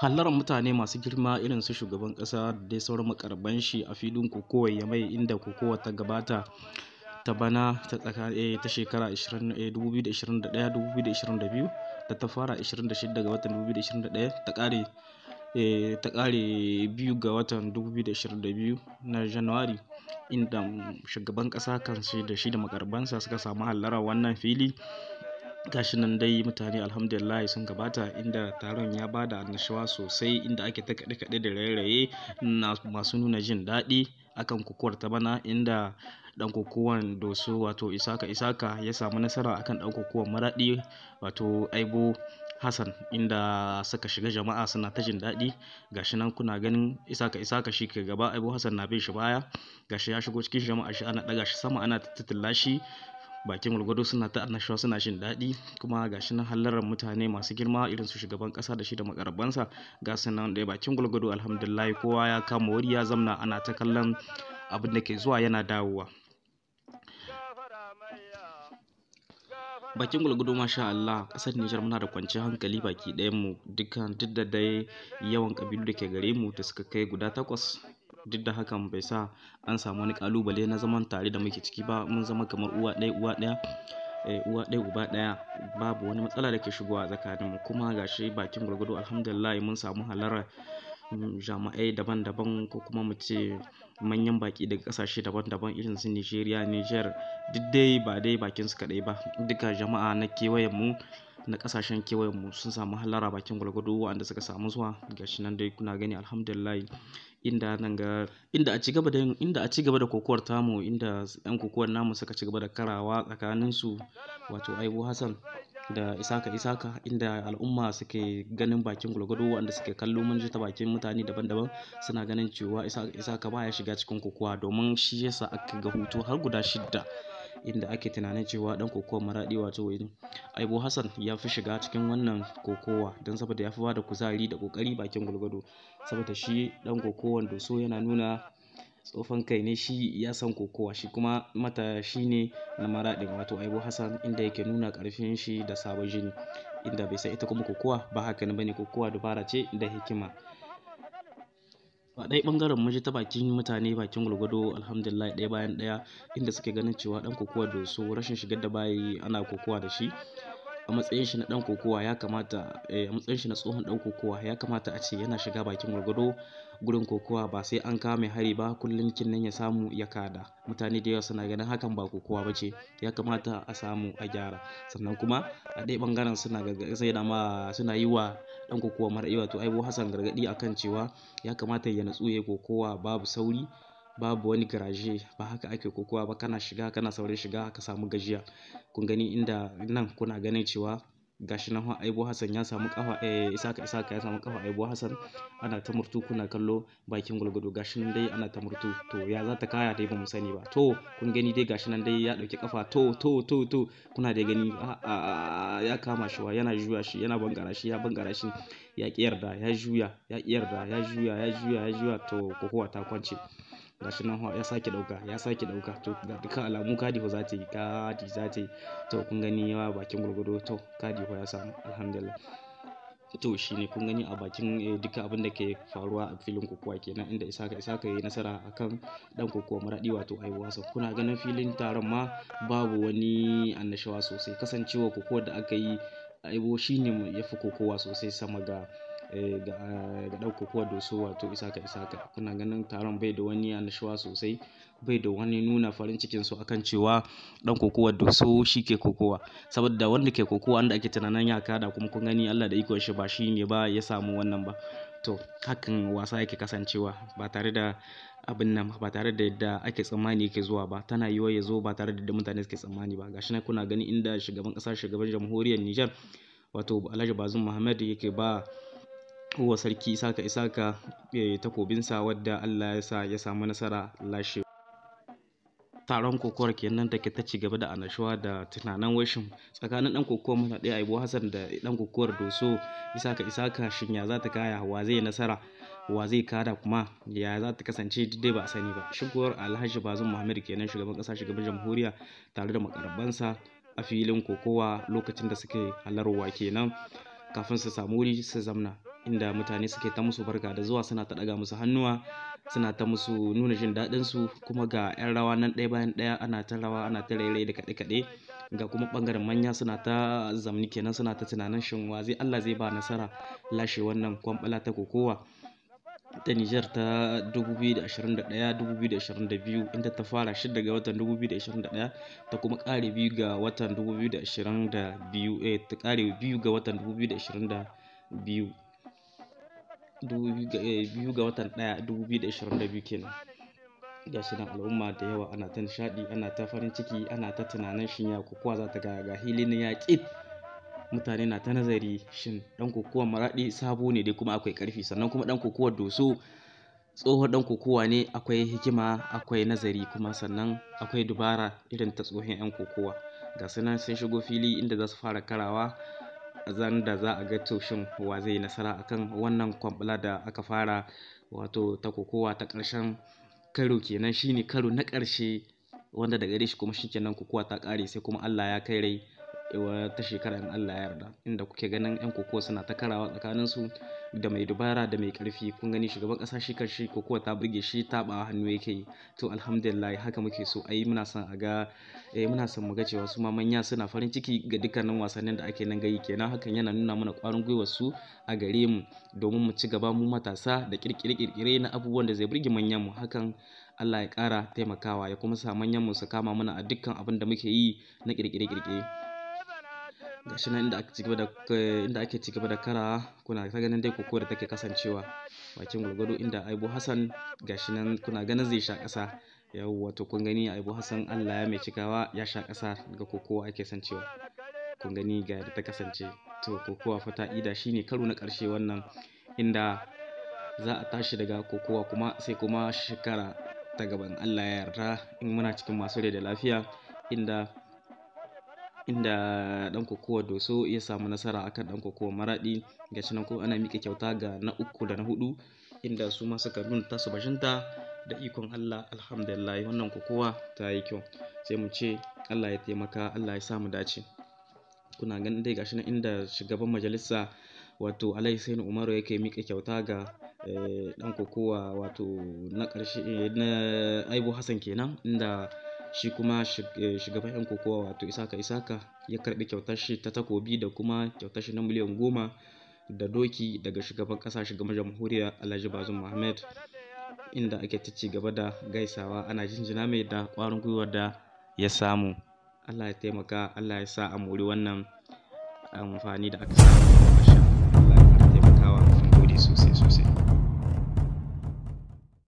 hallaran mutane masu girma irin su shugaban kasa da dai sauran makarban shi a filin kokowa ya mai inda kokowa ta gabata ta bana ta eh, ta shekara 2021-2022 eh, da ta fara 26 watan 2021 ta kare eh, ta kare biyu ga watan 2022 na januari inda shugaban kasa kan da shi da makarbansa suka samu hallara wannan fili gashi nan dai mutane alhamdulillah sun gabata inda taron ya ba da annashuwa sosai inda ake ta kaɗe-kaɗe da raye-raye masu nuna jin daɗi akan kukuwar ta bana inda dan kukuwan doso wato isaka isaka ya samu nasara akan dan kukuwan maradi wato aibo hassan inda suka shiga jama'a suna ta jin daɗi gashi nan kuna ganin isaka isaka shi ke gaba aibo hassan na bin shi baya gashi ya shigo cikin jama'a shi ana ɗaga shi sama ana ta shi bakin gwalgwado suna ta annashuwa suna shin daɗi kuma ga shi nan hallarar mutane masu girma irin su shugaban ƙasa da shi da makarabansa ga nan da bakin gwalgwado alhamdulillah kowa ya kama wuri ya zamna ana ta kallon abin da ke zuwa yana dawowa bakin gulgudu masha Allah kasar Nijar muna da kwanciyar hankali baki ɗayan mu dukkan duk da dai yawan kabilu da ke gare mu da suka kai guda takwas duk da hakan bai sa an samu wani kalubale na zaman tare da muke ciki ba mun zama kamar uwa ɗaya uwa ɗaya eh, uwa ɗaya uba ɗaya babu wani matsala da ke shigowa mu. kuma gashi bakin gwargwado alhamdulillah mun samu halarar mm, jami'ai daban-daban ko kuma mu ce manyan baki daga kasashe daban-daban irin su nigeria niger duk dai ba dai bakin su kaɗai ba duka jama'a na kewayen mu na kasashen kewayen mu sun samu halara bakin gwalgwado wanda suka samu zuwa gashi nan dai kuna gani alhamdulillah inda nan ga inda a ci gaba da inda a ci gaba da kokowar tamu inda yan kokowar namu suka ci gaba da karawa tsakanin su wato Aibu Hassan da isaka isaka inda al'umma suke ganin bakin gulgudu wanda suke kallo mun ta bakin mutane daban-daban suna ganin cewa isaka baya shiga cikin kokowa domin shi yasa aka ga hutu har guda shidda inda ake tunanin cewa dan kokowar maraɗi wato wani. aibo hassan ya fi shiga cikin wannan kokowa don saboda ya fi ba da kuzari da kokari bakin gulgado saboda shi dan kokowar doso yana nuna tsofan kai ne shi ya san kokowa shi kuma mata shi ne na maraɗin wato aibo hassan inda yake nuna ƙarfin shi da sabon jini inda bai san ita kuma kokowa ba haka ne bane kokowa dubara ce da hikima a ɗaya ɓangaren mun ji ta bakin mutane bakin gwalgwado alhamdulillah ɗaya bayan ɗaya inda suke ganin cewa ɗan kokowa da su rashin shigar da bayi ana kokowa da shi a matsayin shi na dan kokowa ya kamata eh, a matsayin shi na tsohon dan kokowa ya kamata a ce yana shiga bakin gwargwado gurin kokowa ba sai an kame hari ba kullum kinnan ya samu ya kada mutane da yawa suna ganin hakan ba kokowa ba ce ya kamata a samu a gyara sannan kuma a ɗaya bangaren suna sai ma suna yi wa dan kokowa mara iya to aibo hasan gargadi akan cewa ya kamata ya natsu ya kokowa babu sauri babu wani garaje ba haka ake kokowa ba kana shiga kana saurin shiga ka samu gajiya kun gani inda nan kuna ganin cewa gashi nan aibu hassan ya samu kafa eh isaka isaka ya samu kafa aibu hassan ana ta murtu kuna kallo bakin gulgudu gashi nan dai ana ta murtu to ya za ta kaya dai bamu sani ba to kun gani dai gashi nan dai ya dauki kafa to to to to kuna dai gani ya kama shi wa yana juya shi yana bangara shi ya bangara shi ya ki yarda ya juya ya ki yarda ya juya ya juya ya juya to kokowa ta kwance gashi nan ya sake dauka ya sake dauka to ga dukkan alamu kadiho za ta yi kadi za ta yi to kun gani yawa bakin gurgudo to kadiho ya samu alhamdulillah to shi ne kun gani a bakin eh, duka abin da ke faruwa a filin kokowa kenan inda isa ka yi nasara akan dan kokowa maradi wato ai wasan kuna ganin filin taron ma babu wani annashawa sosai kasancewa kokowa da aka yi aibo shine ya fi kokowa sosai sama ga Eh, ga ɗaukakuwar doso wato isaka isaka kuna ganin taron bai da wani annashuwa sosai bai da wani nuna farin cikin su akan cewa dan kokowar doso shi ke kokowa saboda wanda ke kokowa wanda ake tunanin ya kada kuma kun gani Allah da iko shi ba shi ne ba ya samu wannan ba to hakan wasa yake kasancewa ba tare da abin nan ba tare da yadda ake tsammani yake zuwa ba tana yiwa ya zo ba tare da mutane suke tsammani ba gashi na kuna ganin inda shugaban kasar shugaban jamhuriyar Nijar wato Alhaji Bazum Muhammad yake ba wa sarki isaka isaka eh, takobinsa wadda allah ya sa ya samu nasara lashe taron kokowar kenan da ke ta ci gaba da annashuwa da tunanin washin tsakanin dan kokowar muna ɗaya aibu hassan da dan kokowar doso isaka isaka shin ya za ta kaya wa zai nasara wa zai kada kuma ya za ta kasance dai ba a sani ba shigowar alhaji bazin muhammad kenan shugaban kasa shugaban jamhuriya tare da makarabansa a filin kokowa lokacin da suke halarwa kenan kafin su samu wuri su zamna inda mutane suke ta musu barka da zuwa suna ta ɗaga musu hannuwa suna ta musu nuna jin daɗin su kuma ga 'yan rawa nan ɗaya bayan ɗaya ana ta rawa ana ta rairayi da kaɗe-kaɗe ga kuma ɓangaren manya suna ta zamni kenan suna ta tunanin shin wa zai Allah zai ba nasara lashe wannan kwamɓala ta kokowa ta Nijar ta 2021-2022 inda ta fara 6 ga watan 2021 ta kuma ƙare biyu ga watan 2022 eh, ta ƙare biyu ga watan 2022 biyu ga watan ɗaya 2022 kenan ga shi nan al'umma da yawa ana ta nishaɗi ana ta farin ciki ana ta tunanin shin ya kokowa za ta ga hilin ya ƙit mutane na ta nazari shin dan kokowa maraɗi sabo ne dai kuma akwai ƙarfi sannan kuma dan kokowa doso tsohon dan kokowa ne akwai hikima akwai nazari kuma sannan akwai dubara irin ta tsohon yan kokowa ga su nan sun shigo fili inda za su fara karawa zan da za a ga taushin wa zai nasara akan wannan kwambala da aka fara wato ta kokowa ta ƙarshen karo kenan shine karo na ƙarshe wanda daga gare shi kuma kenan kokowa ta ƙare sai kuma Allah ya kai rai ta shekara in Allah ya yarda inda kuke ganin yan kokowa suna ta karawa tsakanin su da mai dubara da mai karfi kun gani shugaban kasa shi karshe kokowa ta burge shi ta ba hannu yake to alhamdulillah haka muke so ai muna son a ga eh muna son mu ga cewa su ma manya suna farin ciki ga dukkanin wasannin da ake nan gayi kenan hakan yana nuna mana kwarin gwiwa su a gare mu domin mu ci gaba mu matasa da kirkire-kirkire na abubuwan da zai burge manyan mu hakan Allah ya kara taimakawa ya kuma sa manyan mu su kama mana a dukkan abin da muke yi na kirkire-kirkire ga shi nan inda ake cigaba da da kara kuna ta ganin dai koko da take kasancewa bakin gwagwado inda aibu hassan ga shi nan kuna ganin zai sha kasa yau wato kun gani aibu hassan allah ya mai cikawa ya sha kasa daga kokowa ake san cewa kun gani ga da ta kasance to kokowa fata ida shine karo na karshe wannan inda za a tashi daga kokowa kuma sai kuma shekara ta gaban allah ya yarda in muna cikin masu rai da lafiya inda inda dan kokowa doso ya samu nasara akan ɗan kokowa maraɗi, ga nan ko ana kyauta ga na uku da na huɗu, inda su ma suka nuna tasu bashinta da ikon Allah alhamdulillah wannan kokowa ta yi kyau sai mu ce Allah ya taimaka Allah ya samu dace kuna ganin dai gashi nan inda shugaban majalisa wato Alai Sainu Umaru yake mika kyauta ga dan eh, kokowa wato na ƙarshe eh, na Aibu Hassan kenan inda shi kuma eh, shugaban yan kokowa wato isaka isaka ya karbi kyautar shi ta takobi da kuma kyautar shi na miliyan goma da doki daga shugaban kasa shugaban jamhuriya alhaji bazum muhammad inda ake ta ci gaba da gaisawa ana jinjina mai da kwarin gwiwa da ya samu allah ya taimaka allah ya sa a mori wannan amfani da aka samu allah ya taimakawa kan gode sosai sosai